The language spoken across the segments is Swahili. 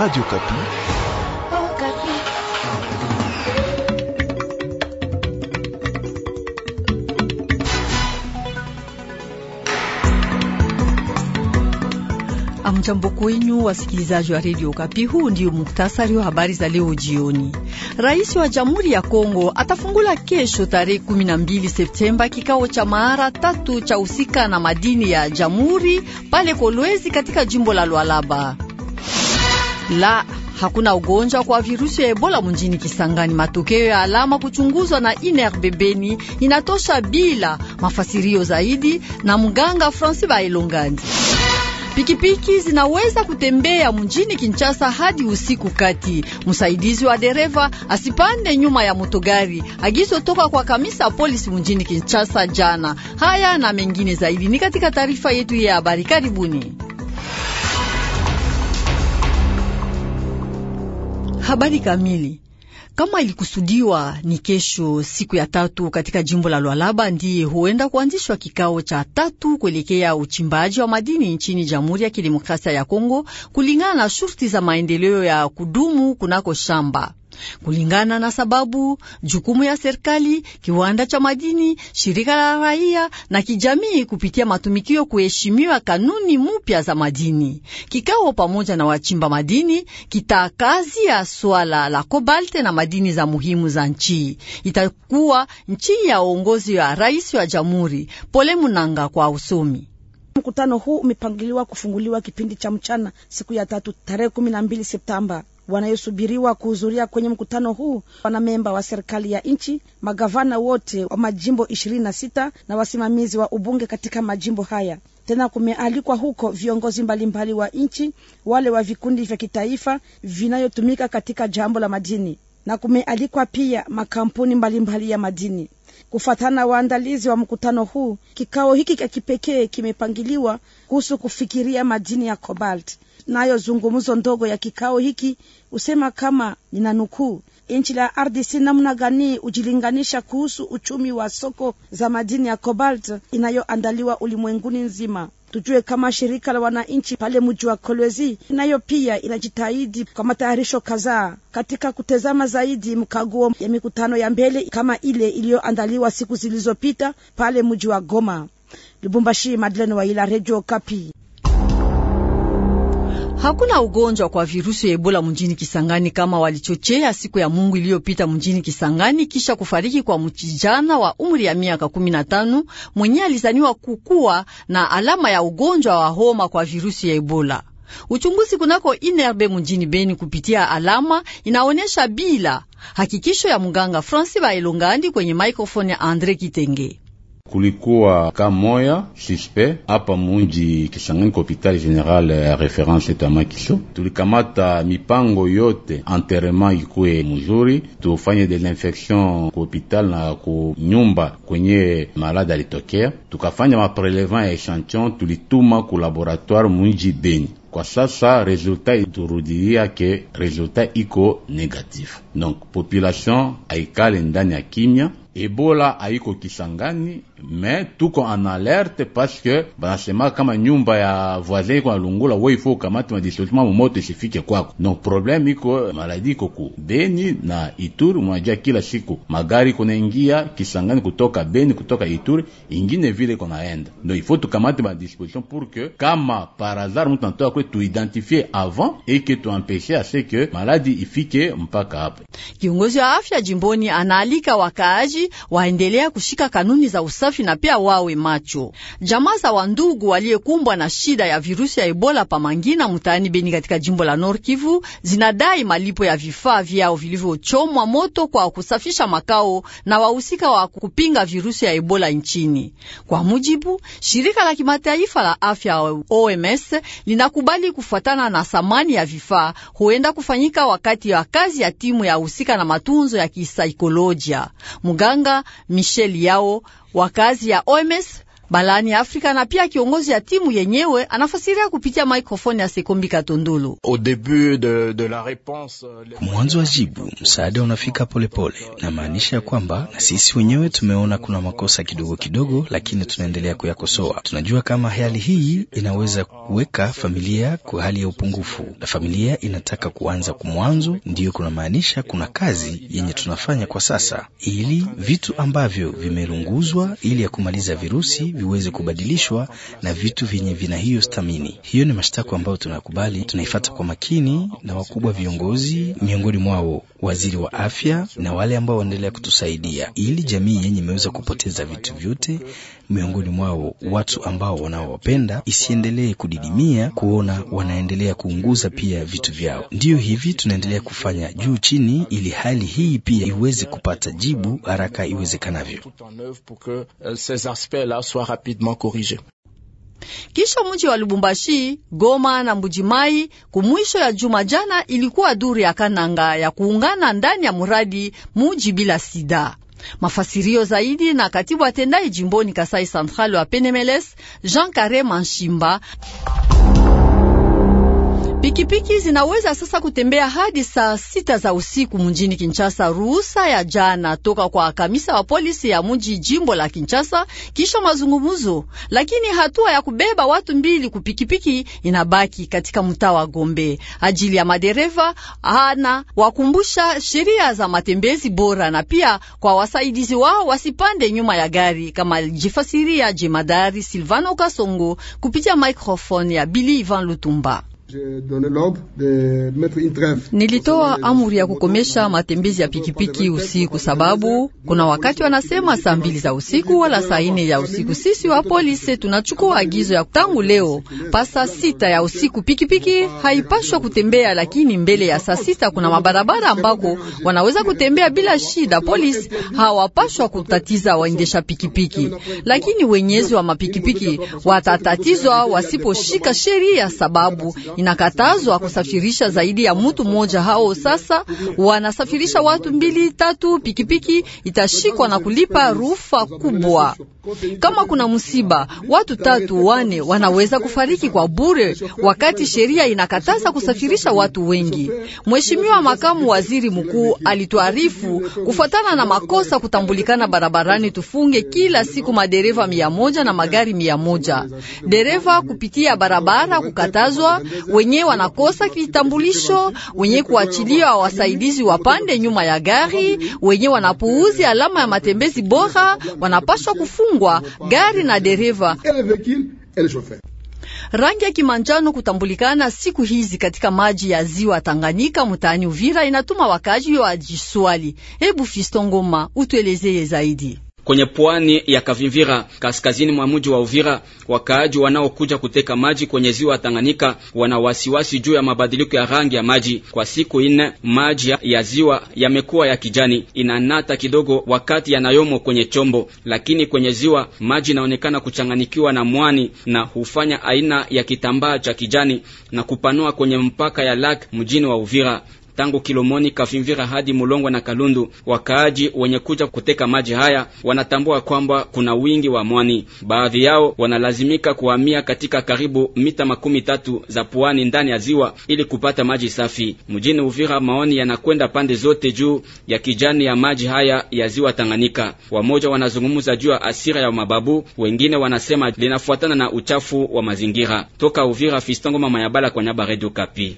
Radio Kapi. Oh, Kapi. Amjambo kwenyu wasikilizaji wa Radio Kapi. Huu ndio muktasari wa habari za leo jioni. Rais wa Jamhuri ya Kongo atafungula kesho tarehe 12 Septemba kikao cha mara tatu cha husika na madini ya Jamhuri pale Kolwezi katika jimbo la Lualaba la hakuna ugonjwa kwa virusi ya Ebola mjini Kisangani. Matokeo ya alama kuchunguzwa na iner bebeni inatosha bila mafasirio zaidi na mganga Francis Bailongandi. Pikipiki zinaweza kutembea mjini Kinshasa hadi usiku kati. Msaidizi wa dereva asipande nyuma ya motogari. Agizo toka kwa kamisa polisi mjini Kinshasa jana. Haya na mengine zaidi ni katika taarifa yetu ya habari. Karibuni. Habari kamili kama ilikusudiwa ni kesho, siku ya tatu, katika jimbo la Lwalaba ndiye huenda kuanzishwa kikao cha tatu kuelekea uchimbaji wa madini nchini Jamhuri ya Kidemokrasia ya Kongo kulingana na shurti za maendeleo ya kudumu kunako shamba kulingana na sababu jukumu ya serikali, kiwanda cha madini, shirika la raia na kijamii kupitia matumikio kuheshimiwa kanuni mupya za madini. Kikao pamoja na wachimba madini kitakazia swala la kobalte na madini za muhimu za nchi. Itakuwa nchi ya uongozi wa rais wa jamhuri Pole Munanga kwa usomi Mkutano huu umepangiliwa kufunguliwa kipindi cha mchana siku ya tatu tarehe kumi na mbili Septemba wanayosubiriwa kuhudhuria kwenye mkutano huu wanamemba wa serikali ya nchi, magavana wote wa majimbo ishirini na sita na wasimamizi wa ubunge katika majimbo haya. Tena kumealikwa huko viongozi mbalimbali mbali wa nchi, wale wa vikundi vya kitaifa vinayotumika katika jambo la madini na kumealikwa pia makampuni mbalimbali mbali ya madini. Kufuatana waandalizi wa mkutano huu, kikao hiki cha kipekee kimepangiliwa kuhusu kufikiria madini ya cobalt. Nayo zungumzo ndogo ya kikao hiki husema kama nina nukuu, nchi la RDC namna gani hujilinganisha kuhusu uchumi wa soko za madini ya cobalt inayoandaliwa ulimwenguni nzima. Tujue kama shirika la wananchi pale mji wa Kolwezi nayo pia inajitahidi kwa matayarisho kadhaa katika kutezama zaidi mkaguo ya mikutano ya mbele kama ile iliyoandaliwa siku zilizopita pale mji wa Goma. Lubumbashi, Madeleine Waila, Radio Kapi. Hakuna ugonjwa kwa virusi ya Ebola mjini Kisangani kama walichochea siku ya Mungu iliyopita mjini Kisangani kisha kufariki kwa mchijana wa umri ya miaka 15 mwenye alizaniwa kukuwa na alama ya ugonjwa wa homa kwa virusi ya Ebola. Uchunguzi kunako inerbe mjini Beni kupitia alama inaonyesha bila hakikisho ya mganga Francis Bailongandi kwenye maikrofoni ya Andre Kitenge kulikuwa ka moya suspe hapa munji Kisangani kwa hopitali general ya eh, reference Tamakiso. Tulikamata mipango yote, enterrement ikuwe mzuri, tufanye desinfection kwa hopitali na ku nyumba kwenye malade alitokea, tukafanya maprelevement ya echantillon, tulituma ku laboratoire munji Beni. Kwa sasa resultat iturudilia ke resultat iko negatif, donc population aikale ndani ya kimya. Ebola haiko Kisangani, me tuko en alerte parce que banasema kama nyumba ya voisin iko nalungula wo ifo ukamate madisposition momoto isifike kwako. Donc probleme iko maladi iko ku Beni na Ituri, mnajua kila siku magari kunaingia Kisangani kutoka Beni kutoka Ituri, ingine vile iko naenda. Donc ifo tukamate madisposition pour que kama par hasard mtu anatoka kwe tuidentifie avant et que tuempeshe ase que maladi ifike mpaka hapo. Kiongozi wa afya jimboni anaalika wakaaji waendelea kushika kanuni za usafi usafi na pia wawe macho. Jamaa za wandugu waliyekumbwa na shida ya virusi ya Ebola pamangina mutaani Beni katika jimbo la Nord Kivu zinadai malipo ya vifaa vyao vilivyochomwa moto kwa kusafisha makao na wahusika wa kupinga virusi ya Ebola nchini. Kwa mujibu shirika la kimataifa la afya OMS linakubali kufuatana na thamani ya vifaa huenda kufanyika wakati wa kazi ya timu ya husika na matunzo ya kisaikolojia. Muganga Michel Yao Wakazi ya Oemes balani Afrika na pia kiongozi ya timu yenyewe anafasiria kupitia mikrofoni ya Sekombi Katondolo. Euh, Mwanzo wa jibu, msaada unafika polepole, namaanisha ya kwamba na sisi wenyewe tumeona kuna makosa kidogo kidogo, lakini tunaendelea kuyakosoa. Tunajua kama hali hii inaweza kuweka familia kwa hali ya upungufu, na familia inataka kuanza kumwanzo. Ndiyo kunamaanisha kuna kazi yenye tunafanya kwa sasa, ili vitu ambavyo vimelunguzwa ili ya kumaliza virusi viweze kubadilishwa na vitu vyenye vina hiyo stamini. Hiyo ni mashtaka ambayo tunakubali, tunaifata kwa makini, na wakubwa viongozi, miongoni mwao waziri wa afya na wale ambao waendelea kutusaidia, ili jamii yenye imeweza kupoteza vitu vyote miongoni mwao watu ambao wanaowapenda isiendelee kudidimia, kuona wanaendelea kuunguza pia vitu vyao. Ndiyo hivi tunaendelea kufanya juu chini, ili hali hii pia iweze kupata jibu haraka iwezekanavyo. Kisha mji wa Lubumbashi, Goma na Mbujimai kumwisho ya juma jana ilikuwa duru ya Kananga ya kuungana ndani ya muradi muji bila sida. Mafasirio zaidi na katibu atendaye jimboni Kasai Central wa Penemeles Jean Kare Manshimba. Pikipiki zinaweza sasa kutembea hadi saa sita za usiku mjini Kinshasa. Ruhusa ya jana toka kwa kamisa wa polisi ya mji jimbo la Kinshasa kisha mazungumuzo, lakini hatua ya kubeba watu mbili kupikipiki inabaki katika mtaa wa Gombe ajili ya madereva ana wakumbusha sheria za matembezi bora, na pia kwa wasaidizi wao wasipande nyuma ya gari, kama jifasiria jemadari Silvano Kasongo kupitia microphone ya Billy Ivan Lutumba. Nilitoa amri ya kukomesha matembezi ya pikipiki usiku, sababu kuna wakati wanasema saa mbili za usiku wala saa ine ya usiku. Sisi wa polisi tunachukua agizo ya tangu leo saa sita ya usiku pikipiki haipashwa kutembea, lakini mbele ya saa sita kuna mabarabara ambako wanaweza kutembea bila shida. Polisi hawapashwa kutatiza waendesha pikipiki, lakini wenyezi wa mapikipiki watatatizwa wasiposhika sheria sababu inakatazwa kusafirisha zaidi ya mtu mmoja. Hao sasa wanasafirisha watu mbili tatu, pikipiki itashikwa na kulipa rufa kubwa. Kama kuna msiba, watu tatu wane wanaweza kufariki kwa bure, wakati sheria inakataza kusafirisha watu wengi. Mheshimiwa makamu waziri mkuu alituarifu kufuatana na makosa kutambulikana barabarani, tufunge kila siku madereva mia moja na magari mia moja dereva kupitia barabara kukatazwa wenye wanakosa kitambulisho, wenye kuachiliwa wasaidizi wapande nyuma ya gari, wenye wanapuuzi alama ya matembezi bora wanapashwa kufungwa gari na dereva. Rangi ya kimanjano kutambulikana siku hizi katika maji ya ziwa Tanganyika mtaani Uvira inatuma wakaji wa jiswali Hebu Fisto Ngoma utuelezeye zaidi. Kwenye pwani ya Kavimvira kaskazini mwa mji wa Uvira, wakaaji wanaokuja kuteka maji kwenye ziwa Tanganyika wana wasiwasi juu ya mabadiliko ya rangi ya maji. Kwa siku nne maji ya ziwa yamekuwa ya kijani, inanata kidogo wakati yanayomo kwenye chombo, lakini kwenye ziwa maji inaonekana kuchanganyikiwa na mwani na hufanya aina ya kitambaa cha kijani na kupanua kwenye mpaka ya lak mjini wa Uvira tangu Kilomoni, kafimvira hadi Mulongwa na Kalundu. Wakaaji wenye kuja kuteka maji haya wanatambua kwamba kuna wingi wa mwani. Baadhi yao wanalazimika kuhamia katika karibu mita makumi tatu za pwani ndani ya ziwa ili kupata maji safi. Mjini Uvira, maoni yanakwenda pande zote juu ya kijani ya maji haya ya ziwa Tanganyika. Wamoja wanazungumza juu ya asira ya mababu, wengine wanasema linafuatana na uchafu wa mazingira. Toka Uvira, Fistongo Mama Yabala kwa nyaba Redio Kapi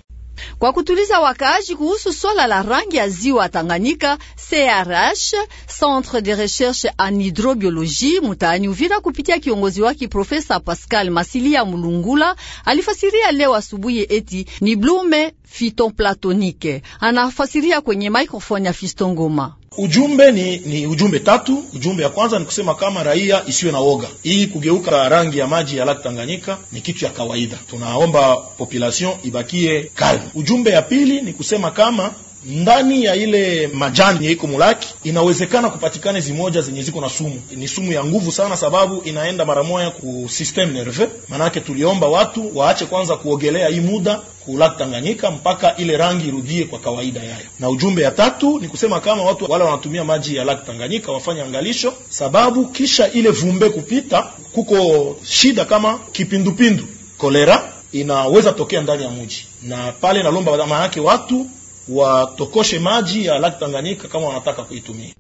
kwa kutuliza wakaaji kuhusu swala la rangi ya ziwa Tanganyika. CRH, Centre de Recherche en Hydrobiologie, mutaani Uvira, kupitia kiongozi wake Profesa Pascal Masilia Mulungula, alifasiria leo asubuhi eti ni blume fitoplatonike. Anafasiria kwenye microphone ya fistongoma Ujumbe ni, ni ujumbe tatu. Ujumbe ya kwanza ni kusema kama raia isiwe na woga. Hii kugeuka rangi ya maji ya Lake Tanganyika ni kitu ya kawaida, tunaomba population ibakie calme. Ujumbe ya pili ni kusema kama ndani ya ile majani ya iko mulaki inawezekana kupatikana zimoja zenye ziko na sumu. Ni sumu ya nguvu sana, sababu inaenda mara moja ku system nerve. Maanake tuliomba watu waache kwanza kuogelea hii muda kulaki Tanganyika mpaka ile rangi irudie kwa kawaida yayo. Na ujumbe ya tatu ni kusema kama watu wale wanatumia maji ya lak Tanganyika wafanye angalisho, sababu kisha ile vumbe kupita kuko shida kama kipindupindu, kolera inaweza tokea ndani ya muji, na pale nalomba maana yake watu watokoshe maji ya laki Tanganyika kama wanataka kuitumia.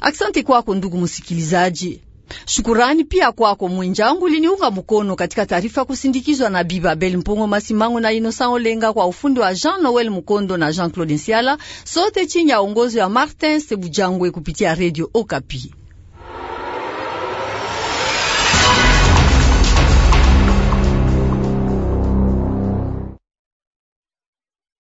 Asante kwako ndugu msikilizaji. Shukurani pia kwako mwenjangu liniunga mkono katika taarifa kusindikizwa na Biba Bel Mpongo Masimango na Innocent Olenga kwa ufundi wa Jean Noel Mukondo na Jean Claude Nsiala, sote chini ya ongozo wa Martin Sebujangwe kupitia Radio Okapi.